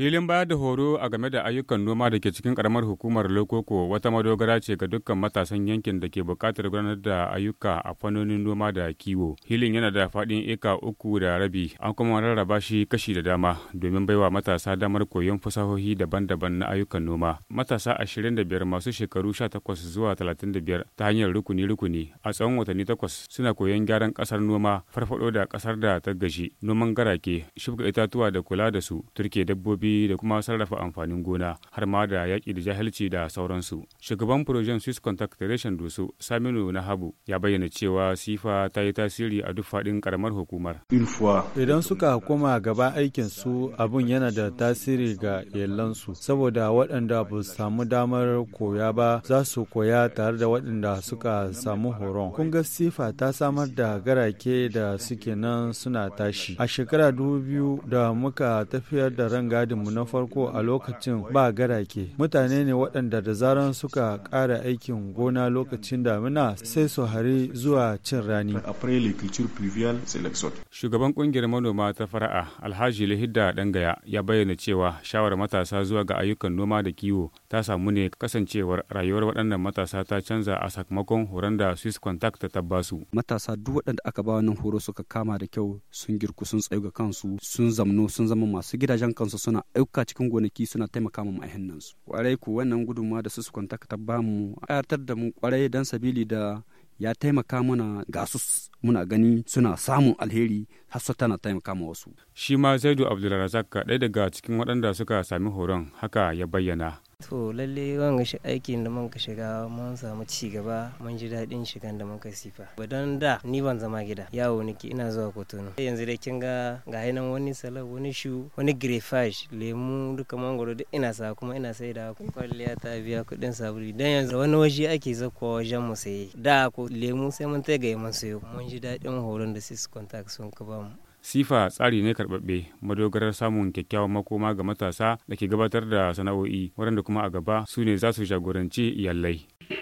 Filin bayar da horo a game da ayyukan noma da ke cikin karamar hukumar Lokoko wata madogara ce ga dukkan matasan yankin da ke bukatar gudanar da ayyuka a fannonin noma da kiwo. Filin yana da faɗin eka uku da rabi, an kuma rarraba shi kashi da dama domin baiwa matasa damar koyon fasahohi daban-daban na ayyukan noma. Matasa ashirin da biyar masu shekaru sha takwas zuwa talatin da biyar ta hanyar rukuni-rukuni a tsawon watanni takwas suna koyon gyaran ƙasar noma, farfaɗo da ƙasar da ta gaji noman garake, shuka itatuwa da kula da su, turke dabbobi da kuma sarrafa amfanin gona har ma da yaƙi da jahilci da sauransu. Shugaban Projen Swiss Contact Federation Doso Saminu na habu ya bayyana cewa sifa ta yi tasiri a duk faɗin ƙaramar hukumar. Idan suka koma gaba aikin su abun yana da tasiri ga yallansu saboda waɗanda ba su samu damar koya ba za su koya tare da waɗanda suka samu horon. Kun ga sifa ta samar da garake da suke nan suna tashi. A shekara dubu biyu da muka tafiyar da rangadin mu na farko a lokacin ba garake mutane ne waɗanda da zaran suka ƙara aikin gona lokacin damina sai su hari zuwa cin rani shugaban ƙungiyar manoma ta fara'a alhaji lahidda dangaya ya bayyana cewa shawar matasa zuwa ga ayyukan noma da kiwo ta samu ne kasancewar rayuwar waɗannan matasa ta canza a sakamakon horon da swiss contact ta basu matasa duk waɗanda aka ba wannan horo suka kama da kyau sun girku sun tsayu ga kansu sun zamno sun zama masu gidajen kansu suna ɗauka cikin gonaki suna taimaka mu ma'ahin su kwarai ku wannan gudunmawa da su su kwanta ta ba mu ayatar da mu kwarai dan sabili da ya taimaka mana ga su muna gani suna samun alheri har tana taimaka ma wasu shi ma zaidu abdulrazak ɗaya daga cikin waɗanda suka sami horon haka ya bayyana To lalle wanga aikin da muka shiga mun samu ci gaba mun ji daɗin shigan da muka sifa. Ba don da ni ban zama gida yawo nake ina zuwa sai Yanzu da kin ga ga nan wani salad wani shu wani grefage lemu duka mangoro duk ina sa kuma ina sai da kwalliya ta biya kuɗin sabuli dan yanzu wani waje ake zakwa wajen mu sai Da ko lemu sai mun tai ga mun sayo. Mun ji daɗin horon da sis contact sun ka ba mu. sifa tsari ne karɓaɓɓe madogarar samun kyakkyawan makoma ga matasa da ke gabatar da sana'o'i waɗanda kuma a gaba su ne za su jagoranci iyalai.